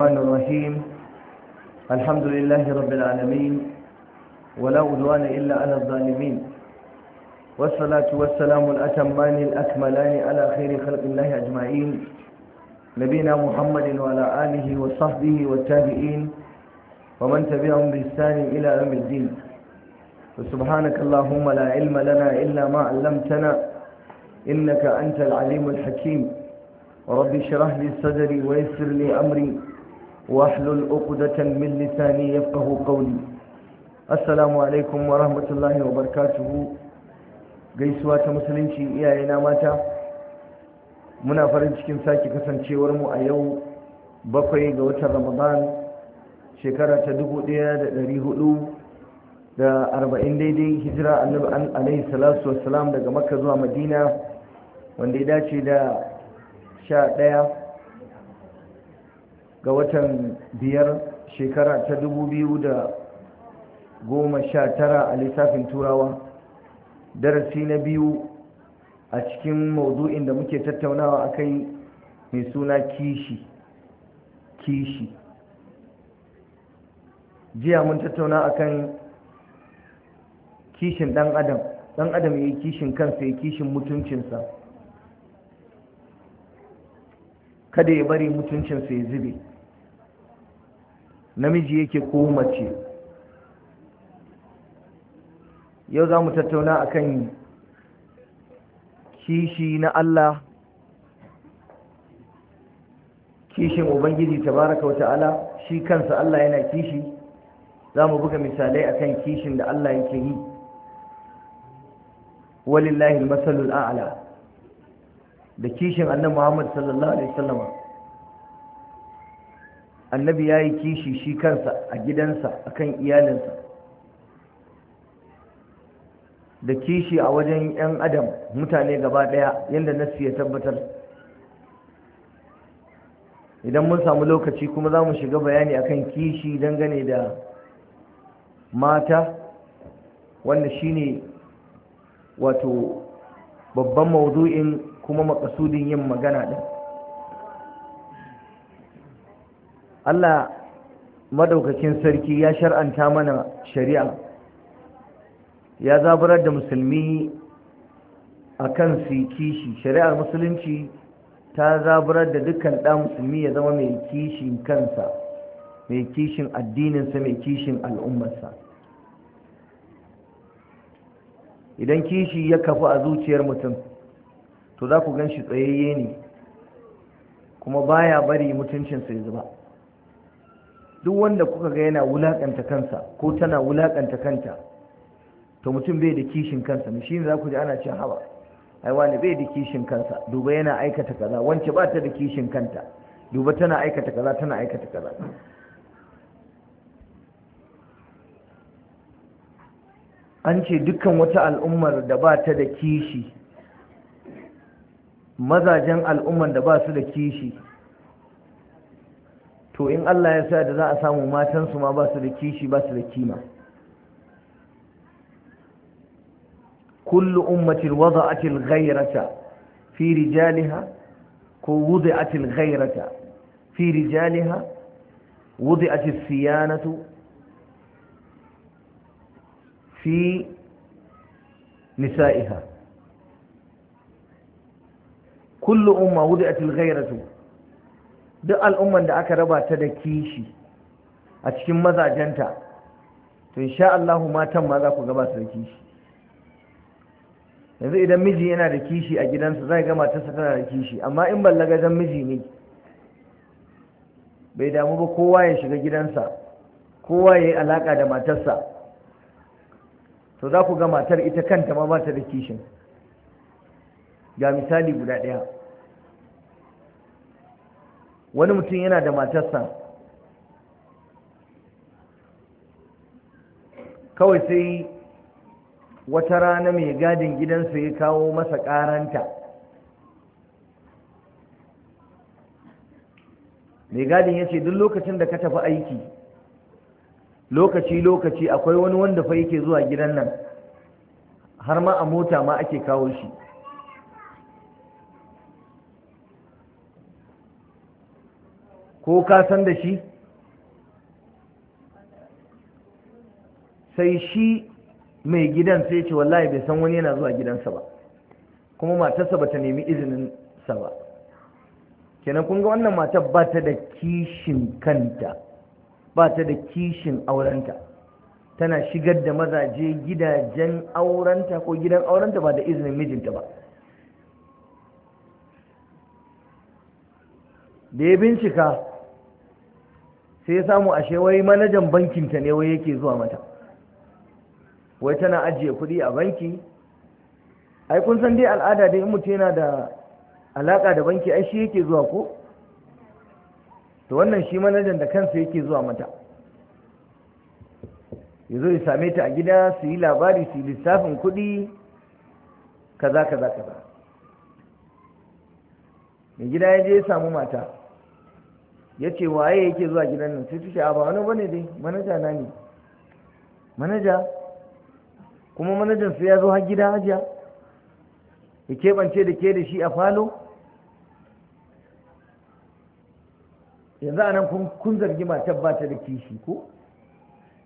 الرحمن الرحيم الحمد لله رب العالمين ولا عدوان إلا على الظالمين والصلاة والسلام الأتمان الأكملان على خير خلق الله أجمعين نبينا محمد وعلى آله وصحبه والتابعين ومن تبعهم بإحسان إلى يوم الدين سبحانك اللهم لا علم لنا إلا ما علمتنا إنك أنت العليم الحكيم ورب اشرح لي صدري ويسر لي أمري واحلل عقدة من لساني يفقه قولي السلام عليكم ورحمة الله وبركاته gaisuwa ta musulunci iyayena mata muna farin cikin sake kasancewar mu a yau bakwai ga watan ramadan shekara ta dubu ɗaya da hudu da arba'in daidai hijira annabi alaihi salatu wassalam daga makka zuwa madina wanda ya dace da sha ɗaya ga watan biyar shekara ta dubu biyu da goma sha tara a littafin turawa darasi na biyu a cikin maudu'in da muke tattaunawa a kai mai suna kishi kishi jiya mun tattauna akan kishin ɗan adam ɗan adam ya yi kishin kansa ya kishin mutuncinsa kada ya bari mutuncinsa ya zube namiji yake ko mace yau za mu tattauna akan kishi na Allah kishin ubangiji tabaraka wa ta'ala shi kansa Allah yana kishi za mu buga misalai akan kishin da Allah yake yi walillahi masalul a'ala. da kishin annabi Muhammad sallallahu alaihi wasallam annabi ya yi kishi shi kansa a gidansa a kan iyalinsa da kishi a wajen 'yan adam mutane gaba ɗaya yadda nasu ya tabbatar idan mun samu lokaci kuma za mu shiga bayani akan kishi dangane da mata wanda shine wato babban maudu'in kuma makasudin yin magana ɗin Allah madaukakin sarki ya shar'anta mana shari'a ya zaburar da musulmi akan su kishi shari'ar musulunci ta zaburar da dukkan ɗan musulmi ya zama mai kishin kansa mai kishin addininsa mai kishin al'ummarsa idan kishi ya kafu a zuciyar mutum to za ku gan shi tsayayye ne kuma baya bari mutuncinsa ya zuba duk wanda kuka ga yana wulakanta kansa ko tana wulakanta kanta to mutum bai da kishin kansa shi ne za ku ji ana cin hawa ai wani bai da kishin kansa duba yana aikata kaza wance ba ta da kishin kanta duba tana aikata kaza tana aikata kaza an ce dukkan wata al'ummar da ba ta da kishi mazajen al'ummar da ba su da kishi to in Allah ya sa da za a samu matansu ma ba su da kishi ba su da kima kullu ummatin wada'atil ghayrata fi rijaliha ko wada'atil ghayrata fi rijaliha wada'atil siyanatu fi nisa'iha kullu أمة wada'atil ghayrata duk al'umman da aka raba ta da kishi a cikin mazajenta to insha Allah matan ma za ku gaba su da kishi yanzu idan miji yana da kishi a gidansa zai ga sa tana da kishi amma in dan miji ne bai damu ba kowa ya shiga gidansa kowa ya yi alaka da matarsa to za ku ga matar ita kanta ma ba ta da kishin ga misali guda ɗaya wani mutum yana da matarsa kawai sai wata rana mai gadin gidansa ya kawo masa karanta mai gadin ya ce duk lokacin da ka tafi aiki lokaci-lokaci akwai wani wanda fa yake zuwa gidan nan har ma a mota ma ake kawo shi ko ka san da shi sai shi mai gidan sai ce wallahi bai san wani yana zuwa gidansa ba kuma matarsa ba ta nemi izinin sa ba kenan kun ga wannan matar ba ta da kishin kanta ba ta da kishin aurenta tana shigar da mazaje gidajen aurenta ko gidan aurenta ba da izinin mijinta ba da ya bincika sai ya samu ashe wai manajan bankinta ne wai yake zuwa mata wai tana ajiye kuɗi a banki ai kun san dai al'ada dai in mutum yana da alaka da banki ai shi yake zuwa ko to wannan shi manajan da kansa yake zuwa mata ya ya same ta a gida su yi labari su yi lissafin kuɗi kaza kaza kaza mai gida ya je ya samu mata ya ce waye yake zuwa gidan nan sai tushe a ba wani bane dai manaja na ne manaja kuma manajan sai ya zo har gida hajiya ya keɓance da ke da shi a falo yanzu a nan kun zargi matar ba ta da kishi ko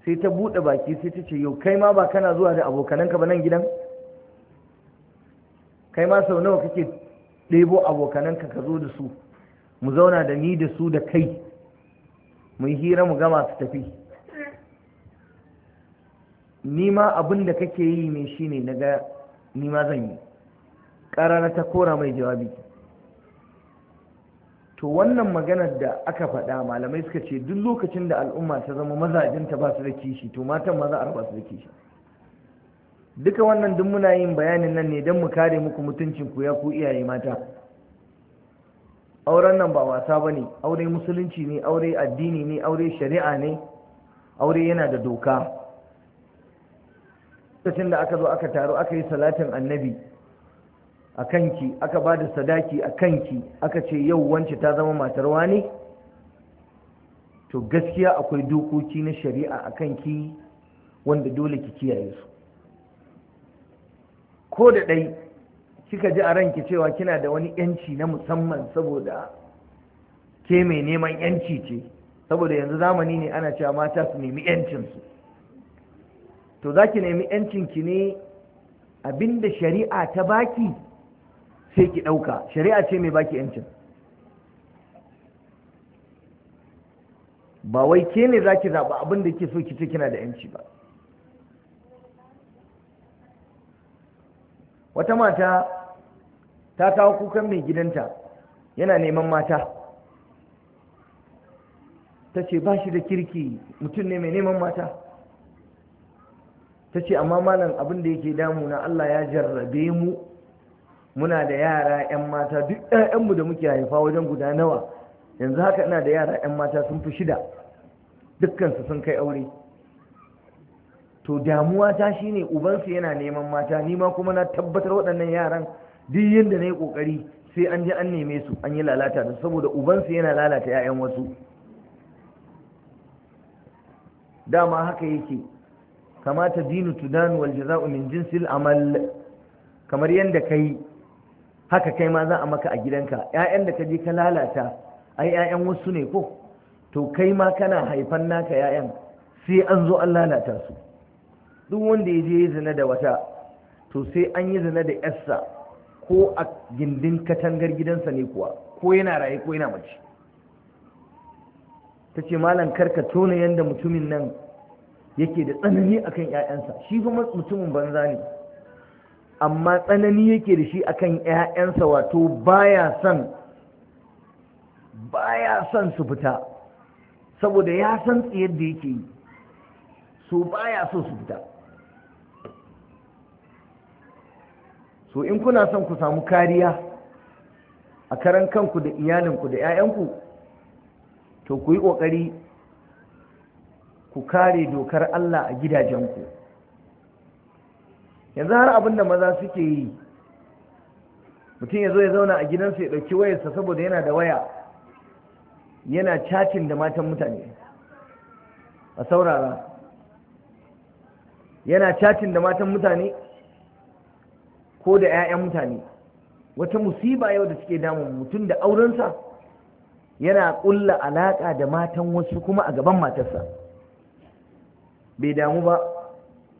sai ta buɗe baki sai ta ce yau kai ma ba kana zuwa da abokananka ba nan gidan kai ma sau nawa kake ɗebo abokananka ka zo da su mu zauna da ni da su da kai mu yi hira mu gama su tafi ni ma abin da kake yi ne shine na ga ni zan yi ƙarara ta kora mai jawabi to wannan maganar da aka faɗa malamai suka ce duk lokacin da al'umma ta zama mazajinta ba su da kishi to matan maza a ba su da kishi duka wannan duk muna yin bayanin nan ne don mu kare muku mutuncin ku ya ku iyaye mata auren nan ba wasa ba ne aure musulunci ne aure addini ne aure shari'a ne aure yana da doka lokacin da aka zo aka taru aka yi salatin annabi a kanki aka ba da sadaki a kanki aka ce yau wance ta zama matar wani to gaskiya akwai dokoki na shari'a a kanki wanda dole ki kiyaye su ko da ɗai kika ji a ranki cewa kina da wani yanci na musamman saboda ke mai neman yanci ce saboda yanzu zamani ne ana cewa mata su nemi yancinsu to za ki nemi yancinki ne abinda shari'a ta baki sai ki ɗauka shari'a ce mai baki yancin ba wai ke ne za ki zaɓa abinda ke so ki ce kina da yanci ba wata mata ta kawo kukan mai gidanta yana neman mata ta ce ba shi da kirki mutum ne mai neman mata ta ce amma malam abin da yake na Allah ya jarrabe mu muna da yara 'yan mata duk 'ya'yanmu da muke haifa wajen guda nawa yanzu haka ina da yara 'yan mata sun fi shida dukkansu sun kai aure to damuwa ta shine ubansu yana neman mata ni ma kuma na tabbatar waɗannan yaran duk yadda na yi ƙoƙari sai an ji an neme su an yi lalata da saboda ubansu yana lalata 'ya'yan wasu dama haka yake kamata dinu tudanu wal jaza'u min jinsil amal kamar yadda kai haka kai ma za a maka a gidanka 'ya'yan da ka je ka lalata ai 'ya'yan wasu ne ko to kai ma kana haifan naka 'ya'yan sai an zo an lalata su duk wanda ya je zina da wata to sai an yi zina da 'yarsa ko a gindin katangar gidansa ne kuwa ko yana raye ko yana mace ta ce malam karka tona yadda mutumin nan yake da tsanani akan 'ya'yansa shi kuma mutumin banza ne amma tsanani yake da shi akan 'ya'yansa wato baya son baya son su fita saboda ya san tsayar da yake yi so baya so su fita so in kuna son ku samu kariya a karan kanku da iyalinku da 'ya'yanku to ku yi ƙoƙari ku kare dokar Allah a gidajenku yanzu har abin da maza suke yi mutum ya zo ya zauna a gidansa ya ɗauki wayarsa saboda yana da waya yana cacin da matan mutane a saurara yana cacin da matan mutane ko da 'ya'yan mutane wata musiba yau da suke damun mutum da aurensa yana ƙulla alaƙa da matan wasu kuma a gaban matarsa bai damu ba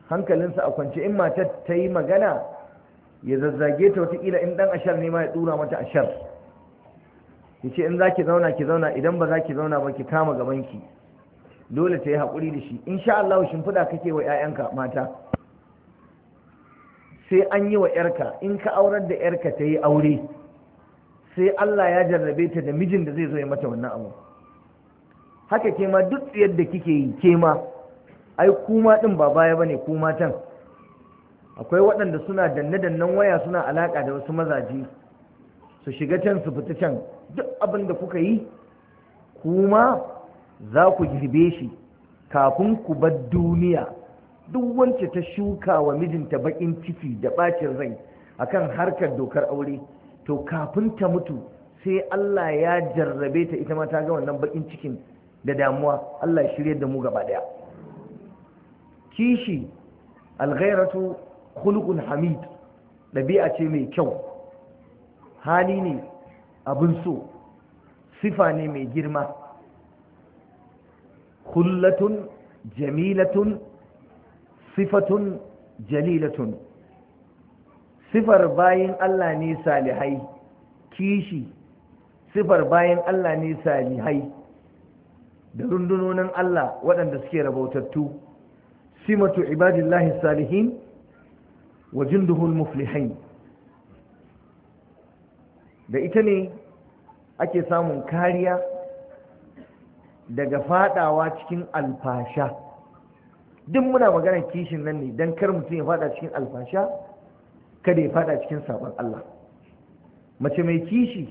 hankalinsa a kwance in matar ta yi magana ya zazzage ta watakila in ɗan ashar ne ma ya ɗura mata ashar ya ce in za ki zauna ki zauna idan ba za ki zauna ba ki kama gabanki dole ta yi haƙuri da shi in sha Allah shimfiɗa kake wa 'ya'yanka mata sai an yi wa yarka in ka aurar da yarka ta yi aure sai Allah ya jarrabe ta da mijin da zai zo ya mata wannan abu haka ke ma duk tsayar da kike yi ke ma ai kuma din ba baya bane ku matan akwai waɗanda suna danne-dannen waya suna alaƙa da wasu mazaje su shiga can su fita can duk abin da kuka yi kuma za ku girbe shi kafin ku bar duniya duk wance ta shuka wa mijinta bakin ciki da bacin rai akan harkar dokar aure to kafin ta mutu sai Allah ya jarrabe ta ita ma ta ga wannan bakin cikin da damuwa Allah ya shirye da mu gaba daya kishi alghayratu khuluqun hamid dabi'a ce mai kyau hali ne abin so sifa ne mai girma khullatun jamilatun sifatun jalilatun sifar bayan Allah ne salihai kishi sifar bayan Allah ne salihai da rundunonin Allah waɗanda suke rabautattu simatu ibadillahi salihin wa duhun muflihain da ita ne ake samun kariya daga fadawa cikin alfasha duk muna magana kishin nan ne don kar mutum ya fada cikin alfasha kada ya fada cikin sabon Allah mace mai kishi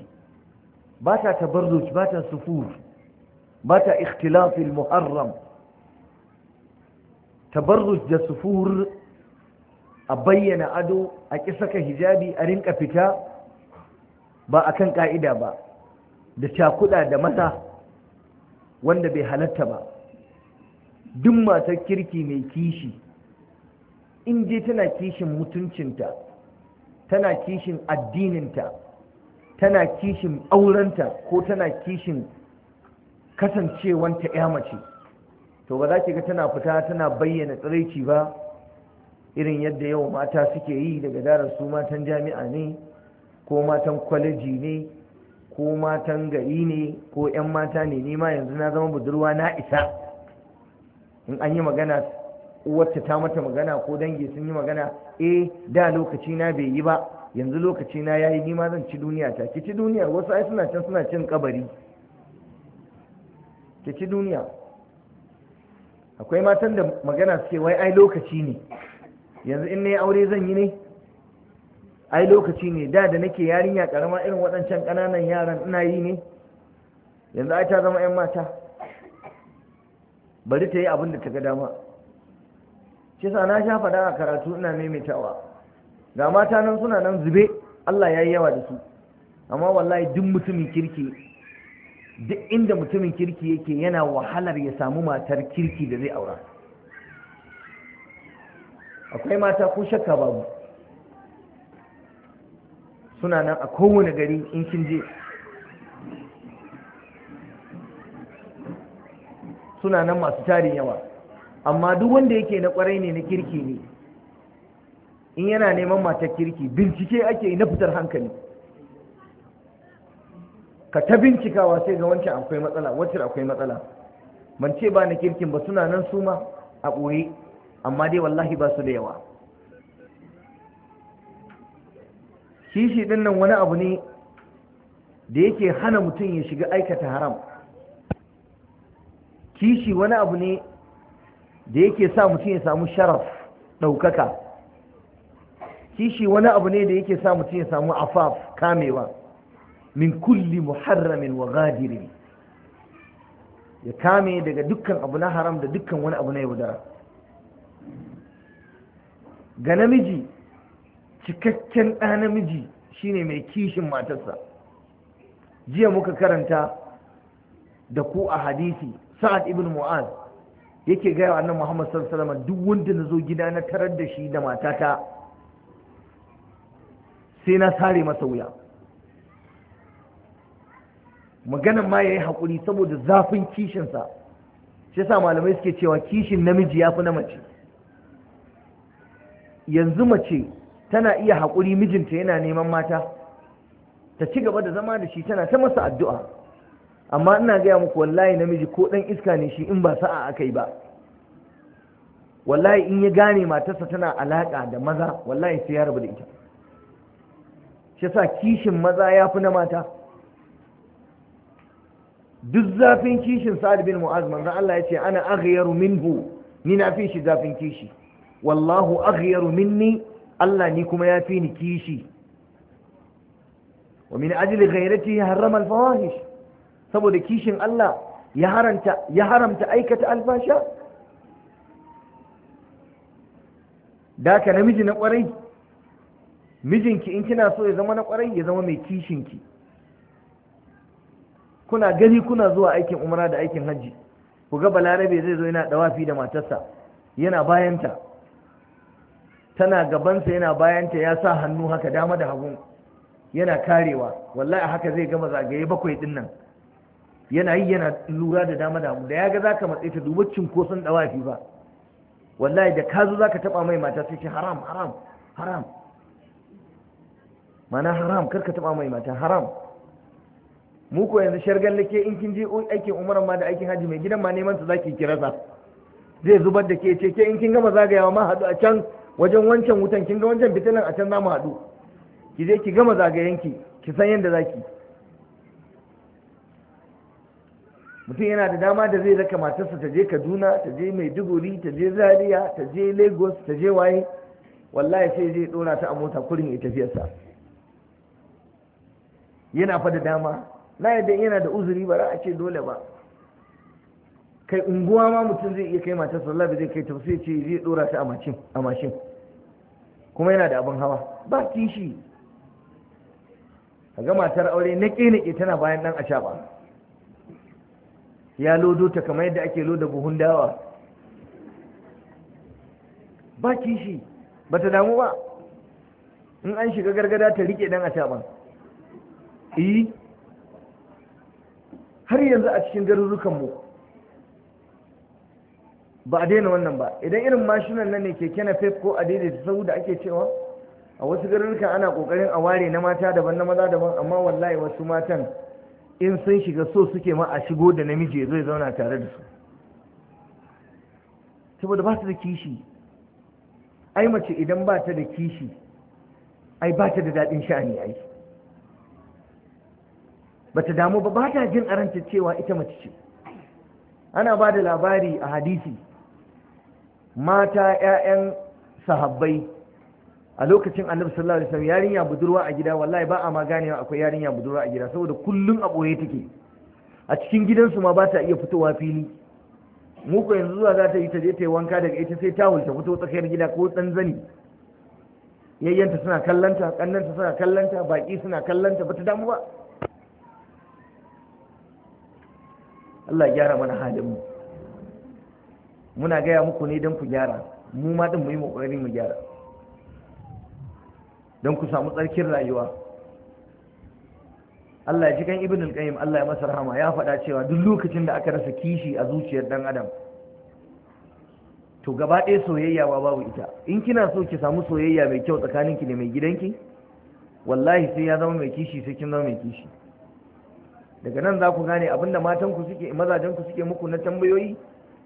ba ta tabarruj ba ta sufur ba ta ikhtilafil muharram tabarruj da sufur a bayyana ado a ƙi saka hijabi a rinka fita ba a kan ƙa'ida ba da cakuda da mata wanda bai halatta ba duk matar kirki mai kishi in je tana kishin mutuncinta tana kishin addininta tana kishin aurenta ko tana kishin kasancewanta ya mace to ba za ki ga tana fita tana bayyana tsiraici ba irin yadda yau mata suke yi daga darar su matan jami'a ne ko matan kwaleji ne ko matan gari ne ko 'yan mata ne nima yanzu na zama budurwa na isa in an yi magana wacce ta mata magana ko dangi sun yi magana e, da lokaci na bai yi ba yanzu lokaci na yayi ni ma zan ci duniya ta ki ci duniya, wasu ai suna can suna cin kabari ki ci duniya akwai matan da magana suke wai ai lokaci ne yanzu in nayi aure zan yi ne ai lokaci ne da da nake yarinya karama irin waɗancan ƙananan yaran ina yi ne yanzu ai ta zama 'yan mata bari ta yi abin da ta ga dama shi na sha faɗa a karatu ina maimaitawa ga mata nan suna nan zube Allah ya yi yawa da su amma wallahi duk mutumin kirki duk inda mutumin kirki yake yana wahalar ya samu matar kirki da zai aura akwai mata ko shakka babu suna nan a kowane gari in kin je suna nan masu tarin yawa amma duk wanda yake na kwarai ne na kirki ne in yana neman matar kirki bincike ake na fitar hankali ka ta bincikawa sai ga wancan akwai matsala wancan akwai matsala ban ce ba na kirkin ba suna nan su ma a ɓoye amma dai wallahi ba su da yawa kishi ɗin nan wani abu ne da yake hana mutum ya shiga aikata haram kishi wani abu ne da yake sa mutum ya samu sharaf ɗaukaka kishi wani abu ne da yake sa mutum ya samu afaf kamewa min kulli muharramin wa gadirin ya kame daga dukkan abu na haram da dukkan wani abu na yaudara ga namiji cikakken ɗa namiji shine mai kishin matarsa jiya muka karanta da ku a hadisi sa'ad ibn mu'az yake gaya wa annan muhammad sallallahu duk wanda na zo gida na tarar da shi da matata sai na sare masa wuya maganan ma yayi hakuri saboda zafin kishinsa shi yasa malamai suke cewa kishin namiji yafi na mace yanzu mace tana iya hakuri mijinta yana neman mata ta ci gaba da zama da shi tana ta masa addu'a amma ina gaya muku wallahi namiji ko ɗan iska ne shi in ba sa'a aka yi ba wallahi in ya gane matarsa tana alaƙa da maza wallahi sai ya rabu da ita shi sa kishin maza ya fi na mata duk zafin kishin sa'ad bin mu'az manzon Allah ya ce ana aghyaru minhu ni na fi shi zafin kishi wallahu aghyaru minni Allah ni kuma ya fi ni kishi wa min ajli ghayrati harrama al-fawahish saboda kishin Allah ya haramta ya haramta aikata alfasha Da ka namiji na kwarai mijinki in kina so ya zama na kwarai ya zama mai kishinki kuna gani kuna zuwa aikin umra da aikin hajji ku ga balarabe zai zo yana dawafi da matarsa yana bayanta tana gabansa yana bayanta ya sa hannu haka dama da hagu yana karewa wallahi haka zai gama zagaye bakwai din yana yi yana lura da dama damu da ya ga za ka matse ta duba cinkoson dawafi ba wallahi da ka zo ka taba mai mata sai ce haram haram haram mana haram kar ka taba mai mata haram mu ko yanzu shargar lake in kin je aikin umaran ma da aikin haji mai gidan ma neman ta zaki kira sa zai zubar da ke ce ke in kin gama zagayawa ma haɗu a can wajen wancan wutan kin ga wancan fitilan a can za mu haɗu. ki je ki gama zagayenki ki san yadda zaki mutum yana da dama da zai raka matarsa ta je kaduna ta je maiduguri ta je zaria ta je lagos ta je waye wallahi sai zai dora ta a mota kurin ya sa yana fa da dama na yadda yana da uzuri ba za a ce dole ba kai unguwa ma mutum zai iya kai matarsa wallahi zai kai tafsir ce zai dora ta a mashin kuma yana da abin hawa ba kishi ga matar aure na ƙi tana bayan ɗan ashaba ya lodo ta kamar yadda ake loda buhun dawa ba kishi ba ta damu ba in an shiga gargada ta rike dan a E, har yanzu a cikin garurukanmu ba a daina wannan ba idan irin mashinan nan ne keke na fef ko a daidaita sau da ake cewa a wasu garurukan ana kokarin a ware na mata daban na maza daban amma wallahi wasu matan in sun shiga so suke ma a shigo da namiji ya zauna tare da su saboda ba su da kishi ai mace idan ba ta da kishi ai ba ta da daɗin sha'ani ai ba ta damu ba ba ta jin aranta cewa ita mace ce ana ba da labari a hadisi mata 'ya'yan sahabbai a lokacin annabi sallallahu alaihi wasallam yarinya budurwa a gida wallahi ba a ma ganewa akwai yarinya budurwa a gida saboda kullum a boye take a cikin gidansu ma ba ta iya fitowa fili mu ko yanzu zuwa za ta yi ta je ta yi wanka daga ita sai ta hulta fito tsakiyar gida ko dan zani yayyanta suna kallanta kannanta suna kallanta baki suna kallanta bata damu ba Allah ya gyara mana halin mu muna gaya muku ne don ku gyara mu ma din mu yi mu gyara don ku samu tsarkin rayuwa Allah ya ji kan ibn al-qayyim Allah ya masa rahama ya faɗa cewa duk lokacin da aka rasa kishi a zuciyar dan adam to gaba ɗaya soyayya ba babu ita in kina so ki samu soyayya mai kyau tsakaninki da mai gidanki wallahi sai ya zama mai kishi sai kin zama mai kishi daga nan za ku gane abinda ku suke mazajenku suke muku na tambayoyi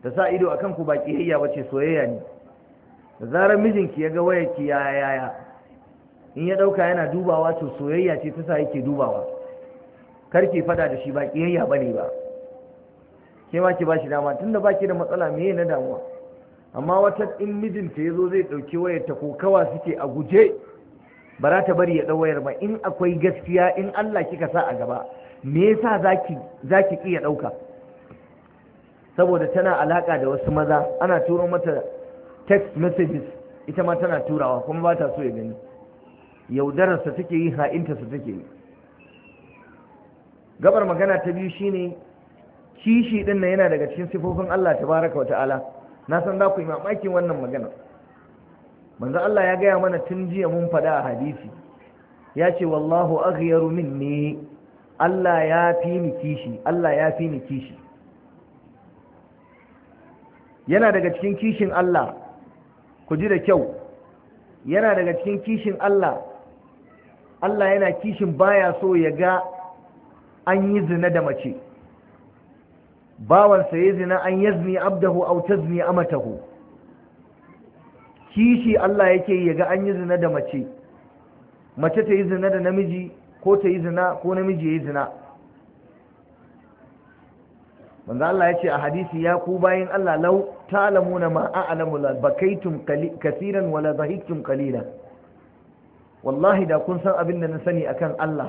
da sa ido akan ku ba kiyayya ba ce soyayya ne da zarar mijinki ya ga wayarki ya yaya in ya ɗauka yana dubawa to soyayya ce ta sa yake dubawa karki fada da shi ba kiyayya ba ne ba ke ma ki ba shi dama tunda ba da matsala me na damuwa amma wata in mijinta ya zo zai ɗauki wayar ta kokawa suke a guje ba za ta bari ya ɗau wayar ba in akwai gaskiya in Allah kika sa a gaba me yasa zaki zaki iya ɗauka saboda tana alaka da wasu maza ana turo mata text messages ita ma tana turawa kuma ba ta so ya gani yaudararsa take yi ha'intarsa take yi gabar magana ta biyu shine kishi din nan yana daga cikin sifofin Allah tabaraka wata'ala na san za ku yi mamakin wannan magana manzo Allah ya gaya mana tun jiya mun fada a hadisi ya ce wallahu aghyaru minni Allah ya fi ni kishi Allah ya fi ni kishi yana daga cikin kishin Allah ku ji da kyau yana daga cikin kishin Allah Allah yana kishin baya so ya ga an yi zina da mace bawansa ya zina an yazni abdahu aw tazni amatahu kishi Allah yake ya ga an yi zina da mace mace ta yi zina da namiji ko ta yi zina ko namiji ya yi zina manzo Allah ya ce a hadisi ya ku bayan Allah lau ta'lamuna ma a'lamu la bakaitum kasiran wala dhahiktum qalilan wallahi da kun san abin da na sani kan Allah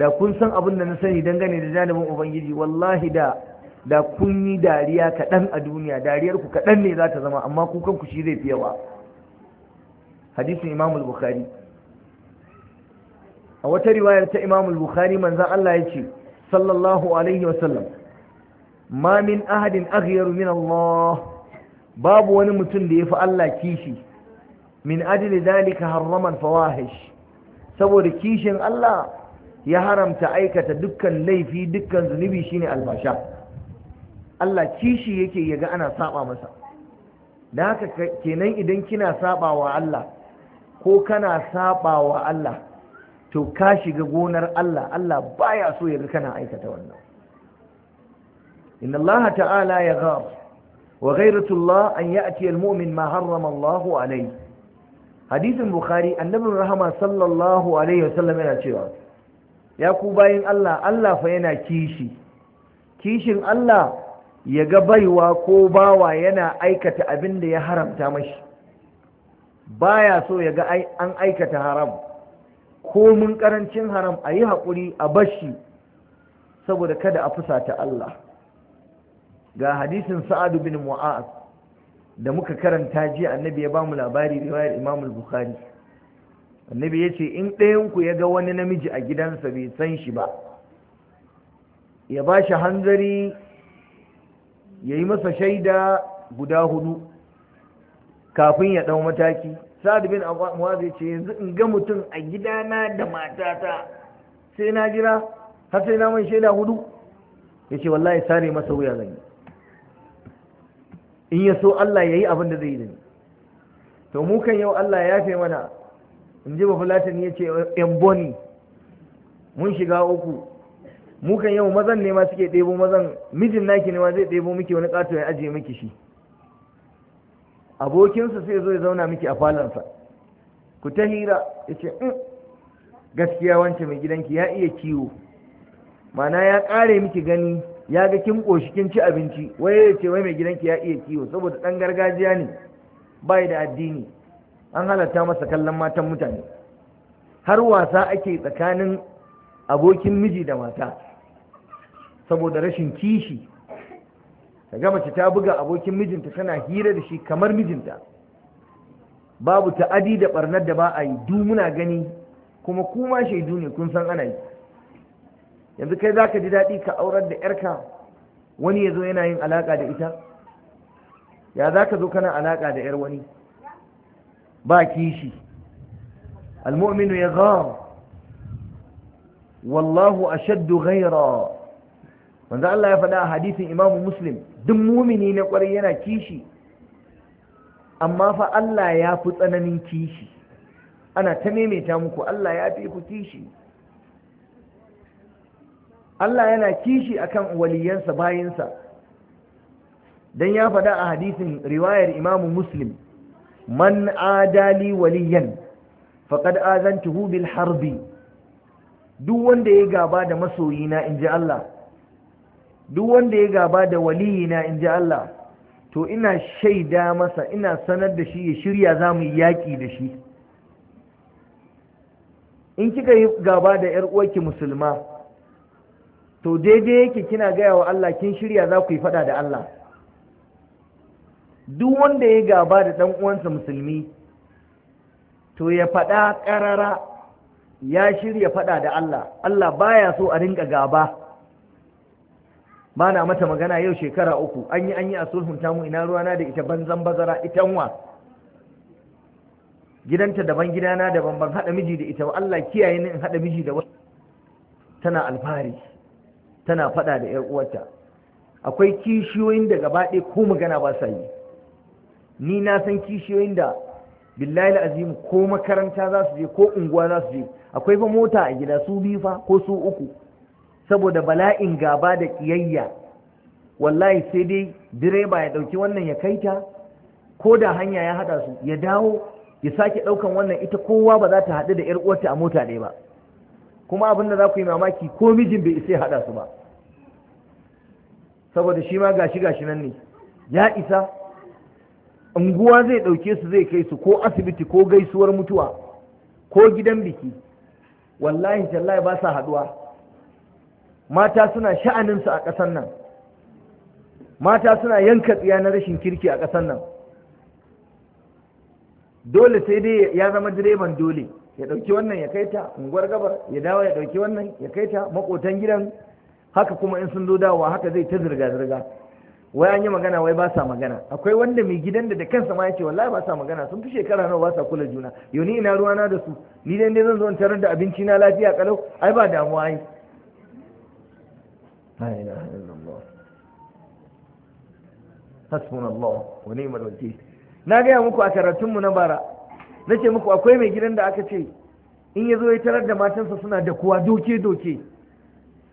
da kun san abin da na sani dangane da janibin ubangiji wallahi da da kun yi dariya kaɗan a duniya Dariyarku kaɗan ne za ta zama amma ku shi zai fi yawa hadisin imam bukhari a wata riwayar ta imam bukhari manzan Allah ya ce sallallahu alaihi wasallam ma min ahadin aghyaru min Allah babu wani mutum da ya fi Allah kishi min ajli zalika harraman fawahish saboda kishin Allah ya haramta aikata dukkan laifi dukkan zunubi shine albasha Allah kishi yake yaga ana saba masa da haka kenan idan kina saba wa Allah ko kana saba wa Allah to ka shiga gonar Allah Allah baya so yaga kana aikata wannan inna Allah ta'ala ya ghar wa ghayratu Allah an ya'ti al-mu'min ma harrama hadisin bukhari annabin rahama sallallahu alaihi wasallam yana cewa ya ku bayin Allah Allah fa yana kishi kishin Allah ya ga baiwa ko bawa yana aikata abin da ya haramta mashi baya so ya ga an aikata haram ko mun karancin haram a yi haƙuri a bashi saboda kada a fusata Allah ga hadisin sa'adu bin mu'az da muka karanta jiya annabi ya ba mu labari riwayar imam bukhari annabi ya ce in ɗayanku ya ga wani namiji a gidansa bai san shi ba ya ba shi hanzari ya yi masa shaida guda hudu kafin ya ɗau mataki sa'ad bin mu'az ya ce yanzu in ga mutum a gidana da matata sai na jira har sai na mai shaida hudu ya ce wallahi sare masa wuya zan yi in ya so Allah ya yi abin da zai yi da to mu kan yau Allah ya fi mana in ji bafulatin ya ce yamboni mun shiga uku mu kan yau mazan ne ma suke ɗebo mazan mijin naki ne ma zai ɗebo miki wani ƙato ya ajiye miki shi abokinsa sai zo ya zauna miki a falonsa ku ta hira ya ce mm, gaskiya wancan mai gidanki ya iya kiwo mana ya ƙare miki gani ya ga kin ƙoshi kin ci abinci wai ya ce wai mai gidanki ya iya kiwo saboda ɗan gargajiya ne bai da addini an halatta masa kallon matan mutane har wasa ake tsakanin abokin miji da mata saboda rashin kishi gama ce ta buga abokin mijinta tana hira da shi kamar mijinta babu ta'adi da barnar da ba a yi du muna gani kuma kuma shaidu ne kun san ana yi yanzu kai za ka ji daɗi ka aurar da yarka wani ya zo yana yin alaƙa da ita ya za ka zo kana alaƙa da yar wani ba kishi almu'minu ya ghar wallahu ashaddu ghaira Wanzu Allah ya faɗa a hadisin Imam Muslim duk mumini na ƙwarai yana kishi amma fa Allah ya fi tsananin kishi ana ta maimaita muku Allah ya fi ku kishi Allah yana kishi akan waliyansa bayinsa dan ya faɗa a hadisin riwayar Imam Muslim man adali waliyan faqad azantuhu bil harbi duk wanda ya gaba da masoyina inji Allah duk wanda ya gaba da waliyina inji Allah to ina shaida masa ina sanar da shi ya shirya za mu yaƙi da shi in kika yi gaba da 'yar uwarki musulma to daidai yake kina gaya wa Allah kin shirya za ku yi faɗa da Allah duk wanda ya gaba da ɗan uwansa musulmi to ya faɗa ƙarara ya shirya faɗa da Allah Allah baya so a rinka gaba Bana mata magana yau shekara uku an yi an yi a sulhunta mu ina ruwana da ita banzan bazara itanwa gidanta daban gidana daban ban haɗa miji da ita Allah kiyaye ni in haɗa miji da wasu tana alfahari tana faɗa da yar uwarta akwai kishiyoyin da gaba ɗaya ko magana ba sa yi ni na san kishiyoyin da billahi azim ko makaranta za su je ko unguwa za su je akwai fa mota a gida su biyu fa ko su uku saboda bala'in gaba da ƙiyayya, wallahi sai dai direba ya ɗauki wannan ya kai ta ko da hanya ya haɗa su ya dawo ya sake ɗaukan wannan ita kowa ba za ta haɗu da 'yar uwarta a mota ɗaya ba kuma abin da za ku yi mamaki ko mijin bai isa haɗa su ba saboda shi ma gashi gashi nan ne ya isa unguwa zai ɗauke su zai kai su ko asibiti ko gaisuwar mutuwa ko gidan biki wallahi tallahi ba sa haɗuwa mata suna sha'aninsu a ƙasar nan mata suna yanka tsiya na rashin kirki a ƙasar nan dole sai dai ya zama direban dole ya ɗauki wannan ya kai ta unguwar gabar ya dawo ya ɗauki wannan ya kai ta makotan gidan haka kuma in sun zo dawowa haka zai ta zirga-zirga wai an yi magana wai ba sa magana akwai wanda mai gidan da da kansa ma ya ce wallahi ba sa magana sun fi shekara nawa ba sa kula juna yau ni ina ruwana da su ni dai dai zan zo in tarar da abinci na lafiya kalau ai ba damuwa ai hasbunallah wa ni'mal wakeel na gaya muku a karatunmu na bara na ce muku akwai mai gidan da aka ce in ya zo ya tarar da matansa suna da kuwa doke doke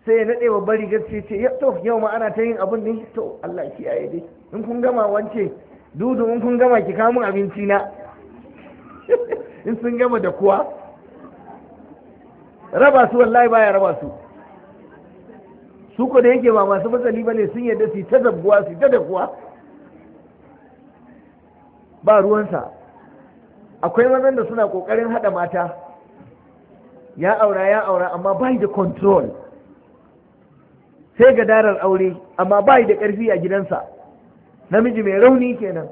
sai ya nade wa bari gaske ce ya to yau ma ana ta yin abin ne to Allah kiyaye dai in kun gama wance dudu in kun gama ki kamun abinci na in sun gama da kuwa raba su wallahi baya raba su su ko da yake ba masu matsali bane sun yarda su ta zabbuwa su ta da kuwa ba ruwansa akwai mazan da suna kokarin hada mata ya aura ya aura amma bai da control sai gadarar aure amma bai da karfi a gidansa namiji mai rauni kenan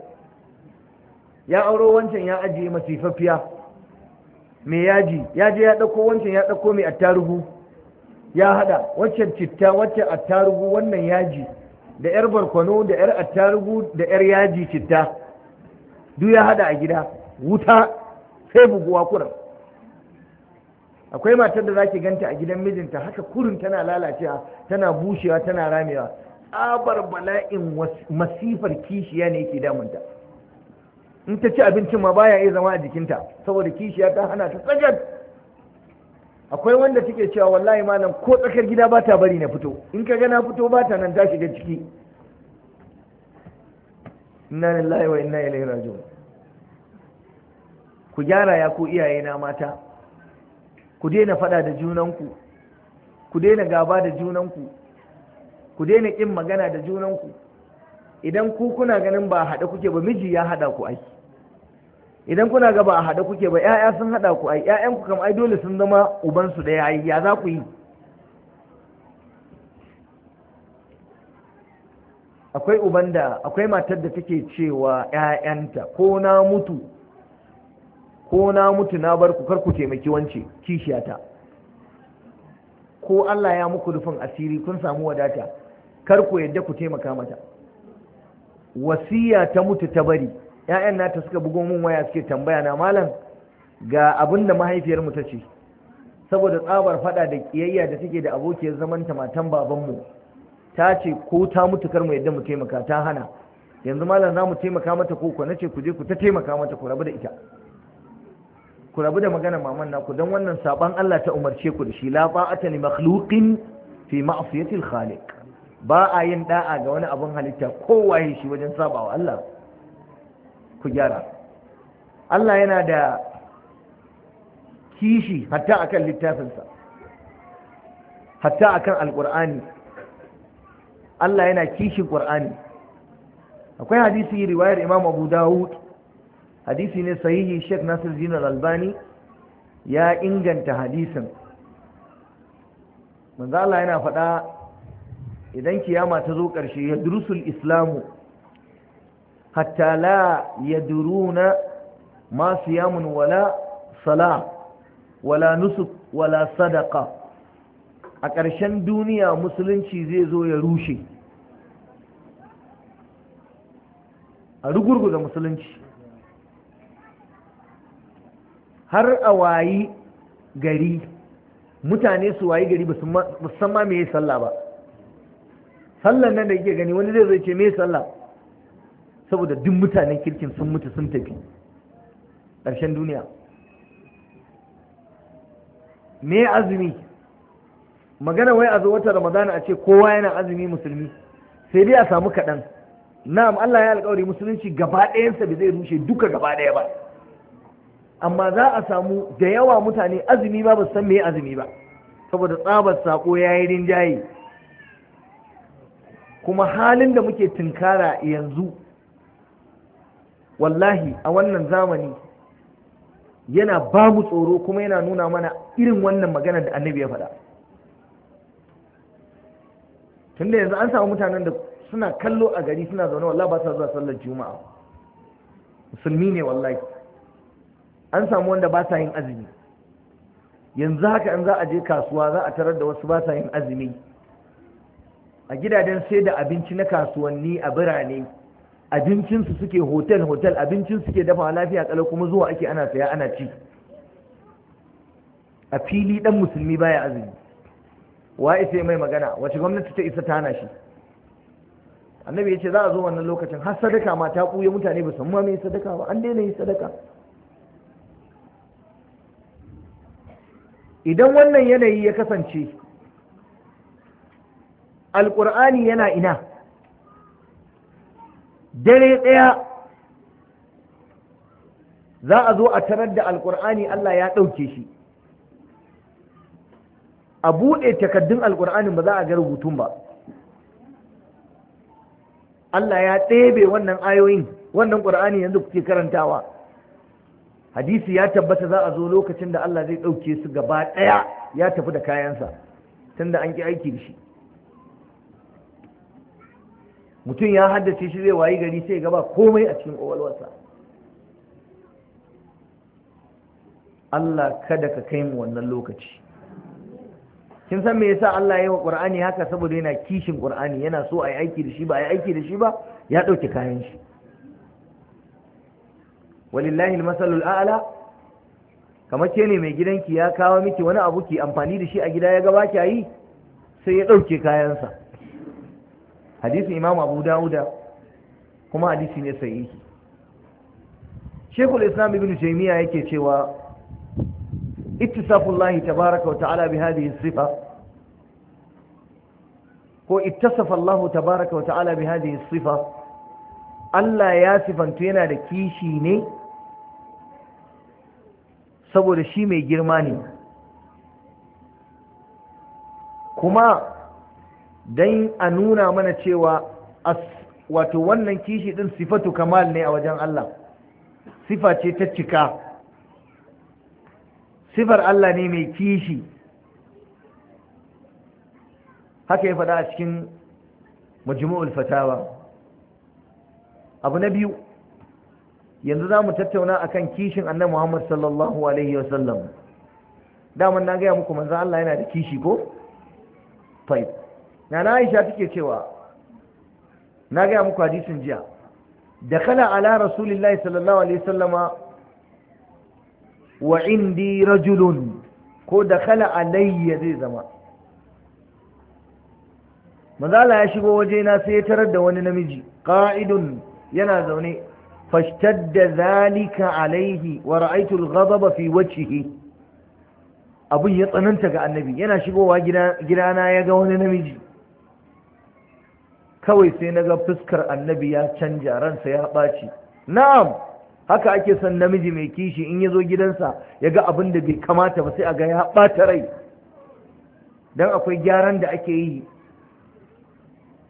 ya auro wancan ya ajiye masifaffiya mai yaji ya je ya ɗauko wancan ya ɗauko mai attarugu ya hada waccan citta waccan attarugu wannan yaji da yar barkwano da yar attarugu da yar yaji citta duk ya hada a gida wuta sai buguwa kuran akwai matar da zaki ganta a gidan mijinta haka kurin tana lalacewa tana bushewa tana ramewa tsabar bala'in masifar kishiya ne yake damunta in ta ci abincin ma baya iya zama a jikinta saboda kishiya ta hana ta tsagar akwai wanda take cewa wallahi malam ko tsakar gida ba ta bari na fito in ka ga fito ba ta nan ta shiga ciki inna lillahi wa inna ilaihi raji'un ku gyara ya ko iyaye na mata ku daina faɗa da junanku ku daina gaba da junanku ku daina ƙin magana da junanku idan ku kuna ganin ba haɗa kuke ba miji ya haɗa ku ai idan kuna ga ba a haɗa kuke ba 'ya'ya sun haɗa ku ai 'ya'yanku kam ai dole sun zama ubansu ɗaya ai ya za ku yi akwai uban da akwai matar da take cewa 'ya'yanta ko na mutu ko na mutu na bar ku kar ku taimaki wance kishiyata ko Allah ya muku rufin asiri kun samu wadata kar ku yadda ku taimaka mata wasiya ta mutu ta bari ‘ya'yan nata suka bugo min waya suke tambaya na malam ga abin da mahaifiyarmu ta ce saboda tsabar fada da kiyayya da take da abokiyar zaman ta matan babanmu ta ce ko ta mutu kar mu yadda mu taimaka ta hana yanzu malam za mu taimaka mata ko ku na ku je ku ta taimaka mata ku rabu da ita ku rabu da magana maman naku don wannan saban Allah ta umarce ku da shi la ta'ata ni makhluqin fi ma'siyatil khaliq ba a yin da'a ga wani abun halitta kowaye shi wajen sabawa Allah ku gyara Allah yana da kishi hatta akan littafinsa hatta akan alqur'ani Allah yana kishin qur'ani akwai hadisi riwayar Imam Abu Dawud hadisi ne sahihi Sheikh Nasir Jinar Albani ya inganta hadisin manzo yana faɗa idan kiyama ta zo ƙarshe ya durusul islamu hatta la yaduruna ma siyamun wala sala wala nusuk wala sadaka a ƙarshen duniya musulunci zai zo ya rushe a da musulunci har a wayi gari mutane su wayi gari ba su ma mai sallah ba sallan nan da yake gani wani zai zai ce me sallah saboda duk mutanen kirkin sun mutu sun tafi ƙarshen duniya me azumi magana wai a zo wata ramadana a ce kowa yana azumi musulmi sai dai a samu kaɗan na'am Allah ya alƙawari musulunci gaba ɗayansa bai zai rushe duka gaba ɗaya ba amma za a samu da yawa mutane azumi ba ba san me azumi ba saboda tsabar sako ya yayi rinjaye kuma halin da muke tunkara yanzu wallahi a wannan zamani yana babu tsoro kuma yana nuna mana irin wannan magana da annabi ya faɗa tunda yanzu an samu mutanen da suna kallo a gari suna zaune wallahi ba sa zuwa sallar juma'a musulmi ne wallahi an samu wanda ba sa yin azumi yanzu haka in za a je kasuwa za a tarar da wasu ba sa yin azumi a gidajen sai da abinci na kasuwanni a birane abincinsu suke hotel hotel abincin suke dafawa lafiya kala kuma zuwa ake ana saya ana ci a fili dan musulmi baya azumi wa isa mai magana wace gwamnati ta isa tana shi annabi ya ce za a zo wannan lokacin har sadaka ma ta ɓuya mutane ba san ma mai sadaka ba an daina yin sadaka idan wannan yanayi ya kasance alƙur'ani yana ina dare ɗaya za a zo a tarar da alƙur'ani Allah ya ɗauke shi a buɗe takaddun Alƙur'ani ba za a ga rubutun ba Allah ya ɗebe wannan ayoyin wannan ƙur'ani yanzu kuke karantawa hadisi ya tabbata za a zo lokacin da Allah zai ɗauke su gaba ɗaya ya tafi da kayansa tun da an ƙi aiki da shi mutum ya haddace shi zai wayi gari sai gaba komai a cikin ƙwaƙwalwarsa Allah kada ka kai mu wannan lokaci kin san me yasa Allah ya yi wa Qur'ani haka saboda yana kishin Qur'ani yana so a yi aiki da shi ba a yi aiki da shi ba ya ɗauke kayan shi walillahi masalul a'la kamar ce ne mai gidanki ya kawo miki wani abu ki amfani da shi a gida ya gaba ki yi sai ya ɗauke kayansa hadisin imamu abu dauda kuma hadisi ne sahihi shekul islam ibn jami'a yake cewa ittisafullahi tabaraka wa ta'ala bi hadhihi sifa ko ittasafa Allah tabaraka wa ta'ala bi hadhihi sifa Allah ya sifantu yana da kishi ne saboda shi mai girma ne kuma don a nuna mana cewa wato wannan kishi din sifatu kamal ne a wajen Allah sifa ce ta cika sifar Allah ne mai kishi haka ya faɗa a cikin majmu'ul fatawa abu na biyu yanzu za mu tattauna a kan kishin annabi Muhammad sallallahu alaihi wasallam daman na gaya muku manzan Allah yana da kishi ko? taib na na aisha take cewa na gaya muku hadisin jiya da kala ala rasulillahi sallallahu alaihi wasallama wa indi rajulun ko da kala alayya zai zama manzala ya shigo wajena sai ya tarar da wani namiji ƙa'idun yana zaune فاشتد ذلك عليه ورأيت الغضب في وجهه abin ya tsananta ga annabi yana shigowa gidana ya ga wani namiji kawai sai na ga fuskar annabi ya canja ransa ya ɓaci na'am haka ake son namiji mai kishi in ya zo gidansa ya ga abin da bai kamata ba sai a ga ya ɓata rai don akwai gyaran da ake yi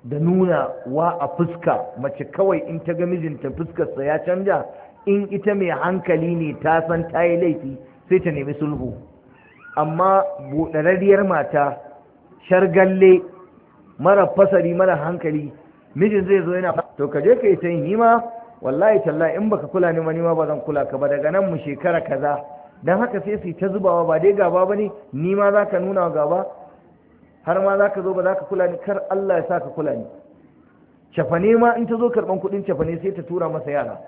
da nuna wa a fuska mace kawai in ta ga mijinta fuskarsa ya canja in ita mai hankali ne ta san ta yi laifi sai ta nemi sulhu amma buɗararriyar mata shargalle mara fasari mara hankali mijin zai zo yana to ka je ka yi ta yi ma wallahi talla in baka kula ni ma ba zan kula ka ba daga nan mu shekara kaza dan haka sai su ta zubawa ba dai gaba bane ne ni ma za ka nuna gaba har ma za ka zo ba za ka kula ni kar Allah ya sa ka kula ni cafane ma in ta zo karɓan kuɗin cafane sai ta tura masa yara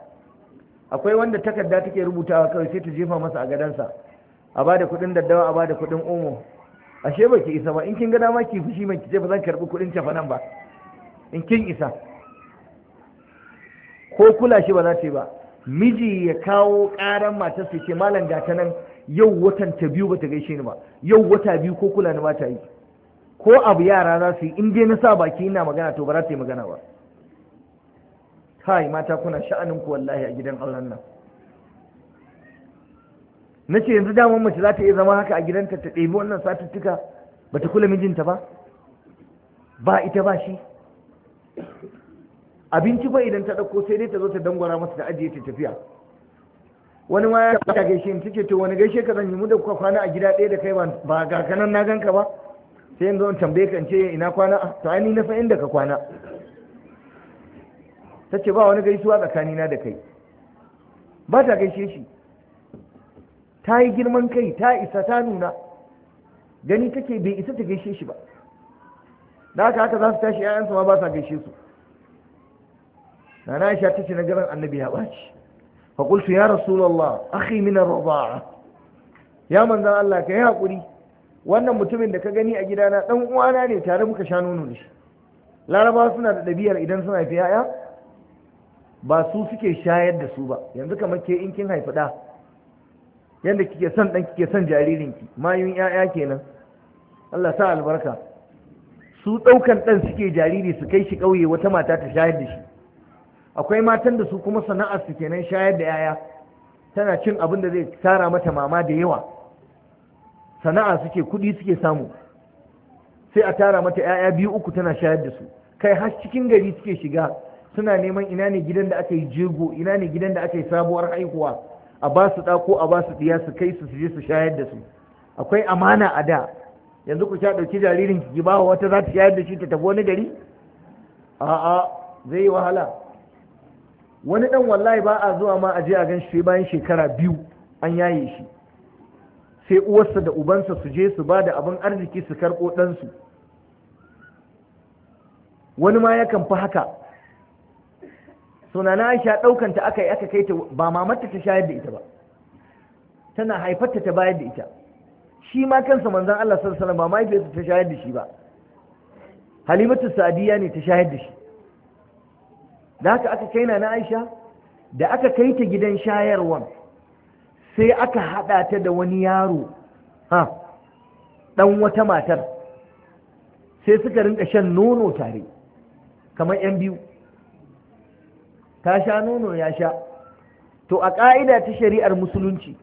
akwai wanda takarda take rubutawa kawai sai ta jefa masa a gadansa a bada kuɗin daddawa a bada kuɗin omo ashe ba ki isa ba in kin ga dama ki fushi man ki je ba zan karɓi kuɗin cafanan ba in kin isa ko kula shi ba za ta yi ba miji ya kawo ƙaran sai, ce malam ta nan yau watan ta biyu ba ta gaishe ni ba yau wata biyu ko kula ni ba ta yi ko abu yara za su yi in dai na sa baki ina magana to ba za ta yi magana ba kai mata kuna sha'anin ku wallahi a gidan Allah nan na ce yanzu damar mace za ta iya zama haka a gidanta ta ɗebi wannan satuttuka ba ta kula mijinta ba ba ita ba shi abinci ba idan ta ɗauko sai dai ta zo ta dangwara masa da ajiye ta tafiya wani ma ya ta gaishe ni ce to wani gaishe ka zan yi mu da kuka kwana a gida ɗaya da kai ba ga kanan na ganka ba sai yanzu tambaye kan ce ina kwana to ai ni na san inda ka kwana ta ce ba wani gaisuwa tsakanina da kai ba ta gaishe shi ta yi girman kai ta isa ta nuna gani take bai isa ta gaishe shi ba da haka haka za su tashi ‘ya'yansu ma ba sa gaishe su nana aisha ta ce na garin annabi ya ɓaci faƙultu ya rasulallah akhi min arba'a ya manzan Allah ka yi haƙuri wannan mutumin da ka gani a gidana dan uwana ne tare muka sha nono da shi laraba suna da ɗabi'ar idan suna haifi yaya ba su suke shayar da su ba yanzu kamar ke in kin haifi ɗa yadda kike son dan kike son jaririnki mayun yaya kenan Allah sa albarka su ɗaukan ɗan suke jariri su kai shi ƙauye wata mata ta shayar da shi akwai matan da su kuma sana'ar su kenan shayar da yaya tana cin abin da zai tara mata mama da yawa sana'a suke kuɗi suke samu sai a tara mata 'ya'ya biyu uku tana shayar da su kai har cikin gari suke shiga suna neman ina ne gidan da aka yi jego ina ne gidan da aka yi sabuwar haihuwa a ba su ɗako a ba su ɗiya su kai su je su shayar da su akwai amana a da yanzu ku sha ɗauki jaririn ki ba wata za ta shayar da shi ta tafi wani gari a'a zai yi wahala wani ɗan wallahi ba a zuwa ma a je a gan shi bayan shekara biyu an yaye shi sai uwarsa da ubansa su je su ba da abin arziki su karɓo ɗansu wani ma yakan fi haka sunana aisha ɗaukanta aka yi aka kai ta ba mamarta ta shayar da ita ba tana haifarta ta bayar da ita shi ma kansa manzan Allah sallallahu alaihi ba mahaifiyarsa ta shayar da shi ba halimatu sa'adiyya ne ta shayar da shi da haka aka kai na na aisha da aka kai ta gidan shayarwan sai aka haɗa ta da wani yaro ha ɗan wata matar sai suka rinka shan nono tare kamar 'yan biyu ta sha nono ya sha to a ƙa'ida ta shari'ar musulunci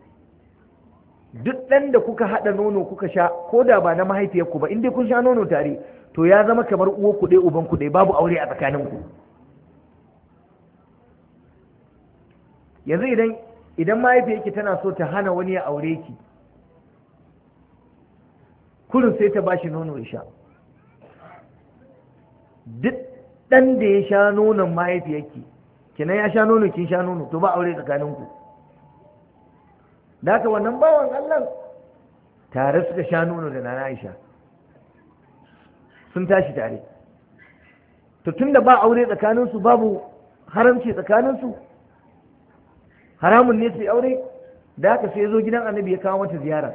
duk ɗan da kuka haɗa nono kuka sha ko da ba na mahaifiyarku ba inda kun sha nono tare to ya zama kamar uwa kuɗe uban kuɗe babu aure a tsakaninku yanzu idan idan mahaifiyarki tana so ta hana wani ya aure ki kurin sai ta bashi nono ya sha duk dan da ya sha nonon mahaifiyarki kenan ya sha nono kin sha nono to ba aure tsakaninku da haka wannan bawan Allah tare suka sha nono da nana Aisha sun tashi tare to tunda ba aure tsakaninsu babu haramci tsakaninsu haramun ne yi aure da haka sai ya zo gidan annabi ya kawo mata ziyara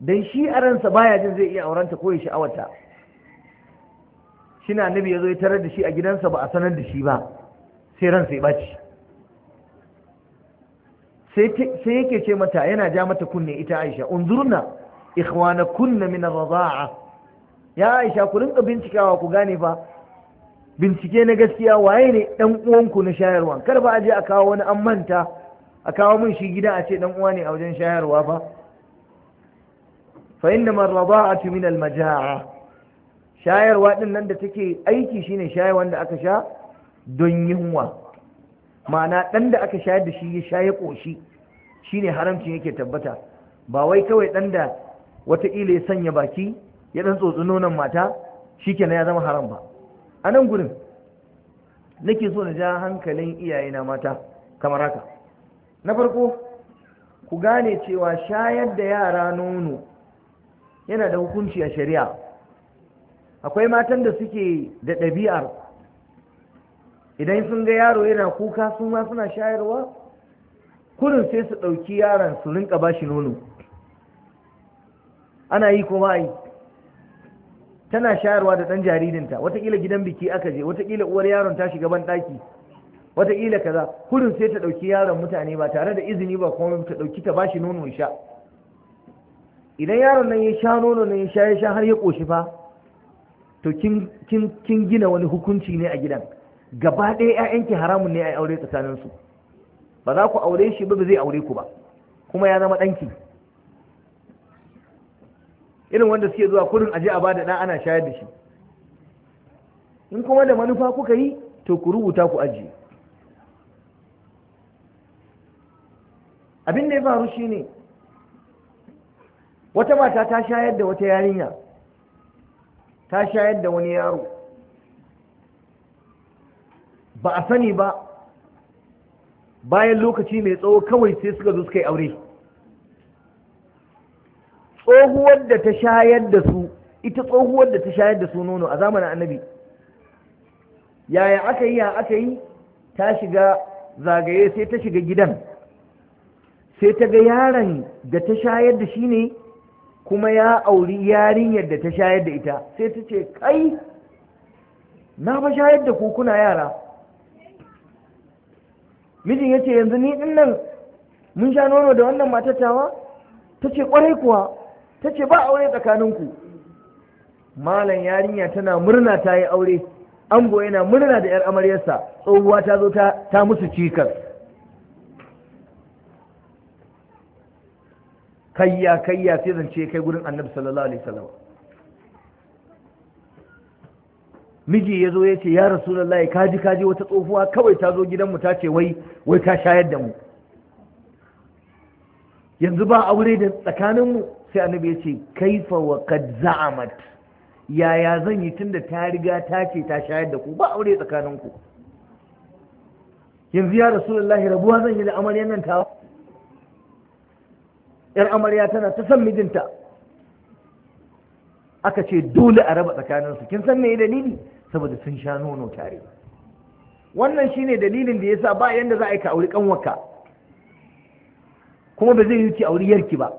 dan shi a ransa baya jin zai iya aurenta ko ya sha'awarta shi na annabi ya zo ya tarar da shi a gidansa ba a sanar da shi ba sai ransa ya ɓaci sai yake ce mata yana ja mata kunne ita aisha unzurna ikhwana kunna min ar ya aisha ku rinka bincikawa ku gane fa bincike na gaskiya waye ne dan uwanku na shayarwa kar ba a je a kawo wani an manta a kawo min shi gida a ce dan uwa ne a wajen shayarwa ba. fa inna marrada'atu min al-majaa shayarwa din nan da take aiki shine shayarwa da aka sha don yunwa ma'ana dan da aka shayar da shi ya shaye koshi shine haramcin yake tabbata ba wai kawai dan da wata ya sanya baki ya dan tsotsi nonon mata shikenan ya zama haram ba a nan gurin nake so na ja hankalin iyayena mata kamar haka na farko ku gane cewa shayar da yara nono yana da hukunci a shari'a akwai matan da suke da ɗabi'ar idan sun ga yaro yana kuka su ma suna shayarwa kudin sai su ɗauki yaron su rinka bashi nono ana yi kuma tana shayarwa da ɗan jaririnta watakila gidan biki aka je watakila uwar yaron ta shiga ban ɗaki watakila kaza kurin sai ta ɗauki yaron mutane ba tare da izini ba kuma ta ɗauki ta bashi nono sha idan yaron nan ya sha nono nan ya sha ya sha har ya koshi fa to kin gina wani hukunci ne a gidan gaba ɗaya 'ya'yanki haramun ne a aure tsakaninsu ba za ku aure shi ba ba zai aure ku ba kuma ya zama ɗanki irin wanda suke zuwa kurin aje a bada da ana shayar da shi in kuma da manufa kuka yi to ku rubuta ku ajiye abin da ya faru shine wata mata ta shayar da wata yarinya ta shayar da wani yaro ba a sani ba bayan lokaci mai tsawo kawai sai suka zo suka yi aure tsohuwar da ta shayar da su ita tsohuwar da ta shayar da su nono a zamanin annabi yaya aka yi ya aka yi ta shiga zagaye sai ta shiga gidan sai ta ga yaron da ta shayar da shi ne kuma ya auri yarinyar da ta shayar da ita sai ta ce kai na fa shayar da kuna yara mijin ya ce yanzu ni nan mun sha nono da wannan matattawa ta ce kwarai kuwa ta ce ba aure tsakaninku malam yarinya tana murna ta yi aure ango yana murna da 'yar amaryarsa tsohuwa ta zo ta musu cikas kayya kayya sai zance kai gurin annabi sallallahu alaihi wasallam miji ya zo ya ce ya rasulullahi kaji kaji wata tsohuwa kawai ta zo gidanmu ta ce wai wai ta shayar da mu yanzu ba aure da tsakaninmu sai annabi ya ce kaifa wa kad za'amat yaya zan yi tunda ta riga ta ce ta shayar da ku ba aure tsakanin ku yanzu ya rasulullahi rabuwa zan yi da amaryan nan ta yar amarya tana ta san mijinta aka ce dole a raba tsakaninsu kin san me dalili saboda sun sha nono tare wannan shine dalilin da yasa ba yanda za a yi ka auri kanwarka kuma ba zai yi ki auri yarki ba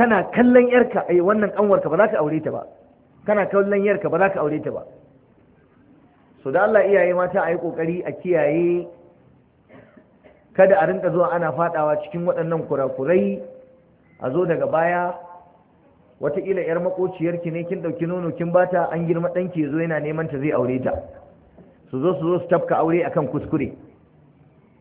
kana kallon yarka ai wannan kanwarka ba za ka aure ta ba kana kallon yarka ba za ka aure ta ba so da Allah iyaye mata a yi kokari a kiyaye kada a rinka zuwa ana fadawa cikin waɗannan kurakurai a zo daga baya wataƙila 'yar makociyarki ne kin ɗauki nono kin bata an girma ɗanki zo yana neman ta zai aure ta su zo su zo su tafka aure akan kuskure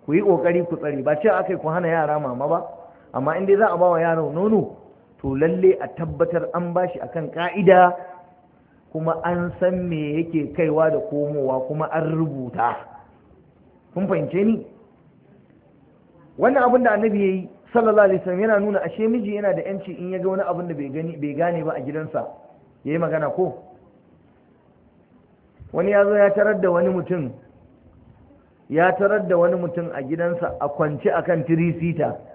ku yi ƙoƙari ku tsari ba cewa aka yi ku hana yara mama ba amma in dai za a ba wa yaro nono to lalle a tabbatar an bashi akan ka'ida kuma an san me yake kaiwa da komowa kuma an rubuta kun fahimce ni wannan abin da annabi yayi sallallahu alaihi wasallam yana nuna ashe miji yana da yanci in ya ga wani abin da bai gani bai gane ba a gidansa yayi magana ko wani ya zo ya tarar da wani mutum ya tarar da wani mutum a gidansa a kwance akan seater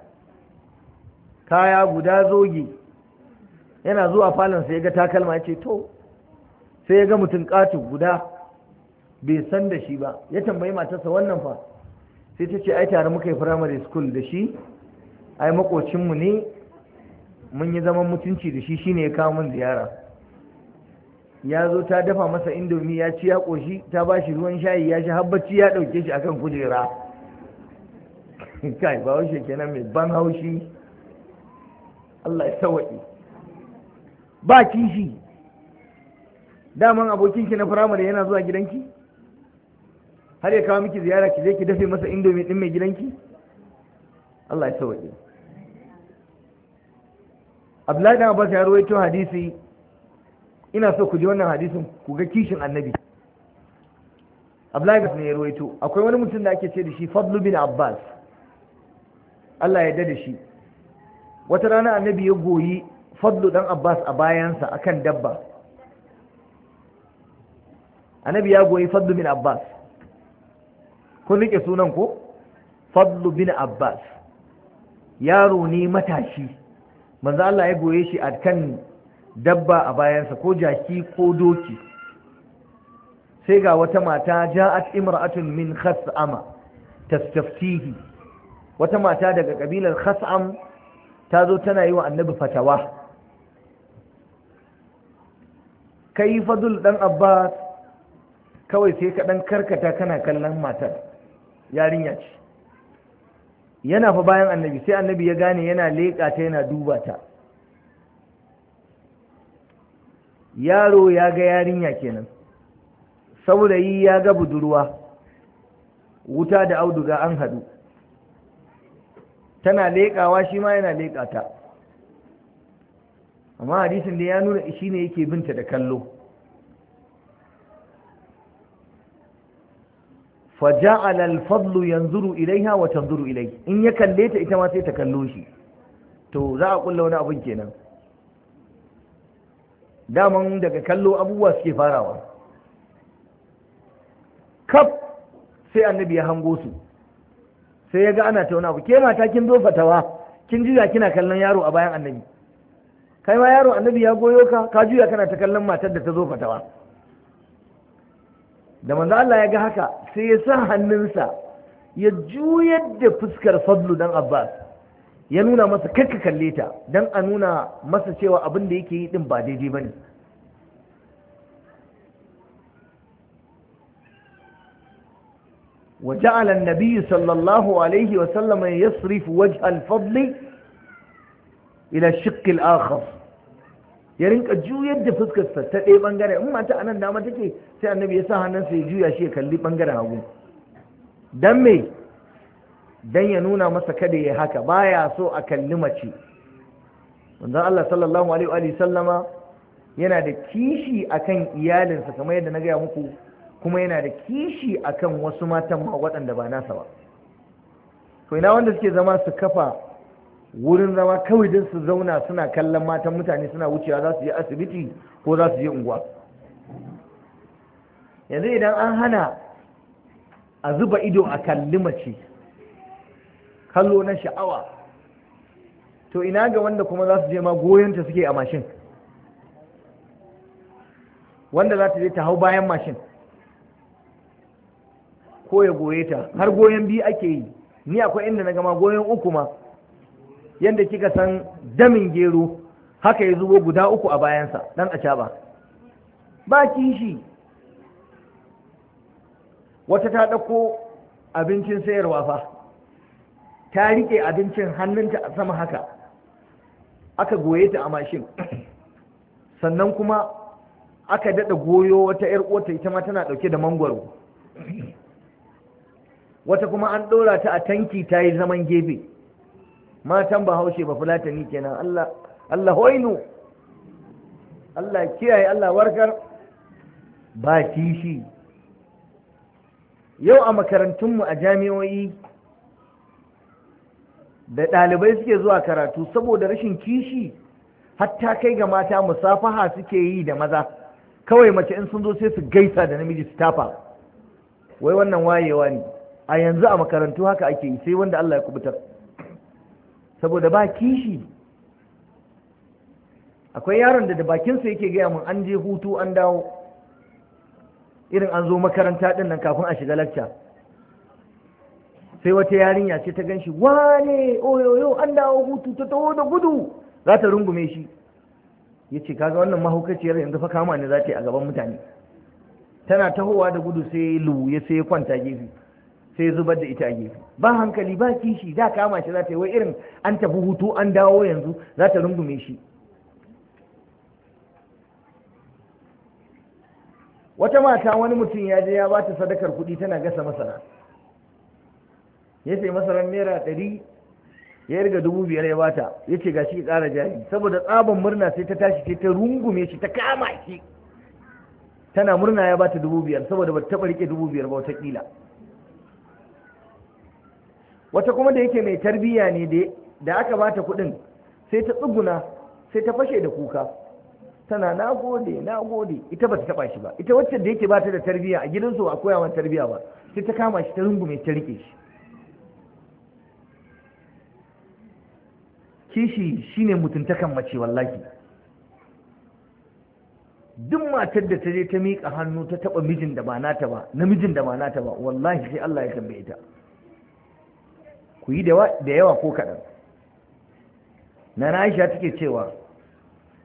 kaya guda zogi yana zuwa falon sai ya ga takalma ya ce to sai ya ga mutum katu guda bai san da shi ba ya tambayi matarsa wannan fa sai ta ce ai tare muka yi primary school da shi ai makocinmu ne mun yi zaman mutunci da shi shine ya kawo min ziyara ya zo ta dafa masa indomi ya ci ya ƙoshi ta ba shi ruwan shayi ya shi habbaci ya ɗauke shi akan kujera kai ba haushe kenan mai ban haushi Allah ya sawaɗe ba kishi daman abokinki na firamare yana zuwa gidanki har ya kawo miki ziyara ki je ki dafe masa indomi din mai gidanki Allah ya sawaɗe Abdullahi dan Abbas ya rawaito hadisi ina so ku ji wannan hadisin ku ga kishin annabi Abdullahi ne ya rawaito akwai wani mutum da ake ce da shi Fadlu bin Abbas Allah ya yarda da shi wata rana annabi ya goyi fadlu dan abbas a bayansa akan dabba annabi ya goyi fadlu bin abbas kun rike sunan ko fadlu bin abbas yaro ne matashi manzo Allah ya goye shi akan dabba a bayansa ko jaki ko doki sai ga wata mata ja'at imra'atun min khas'ama tastaftihi wata mata daga kabilar khas'am ta zo tana yi wa annabi fatawa kai fadul dan abbas kawai sai ka dan karkata kana kallon matar yarinya ce yana fa bayan annabi sai annabi ya gane yana leƙa ta yana duba ta yaro ya ga yarinya kenan saurayi ya ga budurwa wuta da auduga an haɗu tana leƙawa shi ma yana leƙa ta amma hadisin da ya nuna shi ne yake binta da kallo فجعل الفضل ينظر In وتنظر إليه إن sai ta kallo shi. to za a kulla wani abun kenan daman daga kallo abubuwa suke farawa kaf sai annabi ya hango su sai ya ga ana tauna wani ke mata kin zo fatawa kin juya kina kallon yaro a bayan annabi kai ma yaro annabi ya goyo ka ka juya kana ta kallon matar da ta zo fatawa da manzo Allah ya ga haka sai ya sa hannunsa ya juyar da fuskar fadlu dan Abbas ya nuna masa kakka kalle ta dan a nuna masa cewa abin da yake yi din ba daidai bane وجعل النبي صلى الله عليه وسلم يصرف وجه الفضل إلى الشق ya rinka juyar da fuskarsa ta ɗaya ɓangare in mata anan dama take sai annabi ya sa hannunsa ya juya shi ya kalli ɓangaren hagu dan me dan ya nuna masa kada ya haka baya so a kalli mace manzon Allah sallallahu alaihi wa sallama yana da kishi akan iyalinsa kamar yadda na gaya muku kuma yana da kishi akan wasu matan ma waɗanda ba nasa ba to ina wanda suke zama su kafa wurin zama kawai don su zauna suna kallon matan mutane suna wucewa za su je asibiti ko za su je unguwa yanzu idan an hana a zuba ido a kalli mace kallo na sha'awa to ina ga wanda kuma za su je ma goyonta suke a mashin wanda za ta je ta hau bayan mashin ko ya goye ta har goyon biyu ake yi ni akwai inda na gama goyon uku ma yadda kika san damin gero haka ya zubo guda uku a bayansa dan a caba ba kishi wata ta ɗauko abincin sayarwa fa ta riƙe abincin hannunta a sama haka aka goye ta a mashin sannan kuma aka daɗa goyo wata 'yar ƙota ita ma tana ɗauke da mangwaro wata kuma an ɗora ta a tanki ta yi zaman gefe matan ba haushe ba fulatani kenan Allah Allah hoinu Allah kiyaye Allah warkar ba kishi yau a makarantunmu a jami'o'i da ɗalibai suke zuwa karatu saboda rashin kishi hatta kai ga mata musafaha suke yi da maza kawai mace in sun zo sai su gaisa da namiji su tafa wai wannan wayewa ne a yanzu a makarantu haka ake yi sai wanda Allah ya kubutar saboda ba kishi akwai yaron da da bakinsa yake gaya mun an je hutu an dawo irin an zo makaranta din nan kafin a shiga lakca sai wata yarinya ce ta gan shi wane oyoyo an dawo hutu ta taho da gudu za ta rungume shi ya ce kaga wannan mahaukaciyar yanzu fa kama ne za ta yi a gaban mutane tana tahowa da gudu sai lu ya sai kwanta gefe sai zubar da ita a gefe ba hankali ba kishi da kama shi za ta yi wai irin an tafi hutu an dawo yanzu za ta rungume shi wata mata wani mutum ya je ya bata sadakar kuɗi tana gasa masara ya sai masarar naira ɗari ya riga dubu biyar ya bata ya ce gashi ƙara jari saboda tsaban murna sai ta tashi sai ta rungume shi ta kama shi tana murna ya bata dubu biyar saboda ba ta taɓa riƙe dubu biyar ba wataƙila wata kuma da yake mai tarbiyya ne da aka bata kuɗin sai ta tsuguna sai ta fashe da kuka tana na gode na gode ita ba ta taba shi ba ita wacce da yake bata da tarbiyya a gidansu ba koya wa tarbiyya ba sai ta kama shi ta rungume ta rike shi kishi shine mutuntakan mace wallahi duk matar da ta je ta miƙa hannu ta taɓa mijin da ba nata ba namijin da ba nata ba wallahi sai Allah ya tambaye ta ku yi da yawa ko kaɗan na aisha take cewa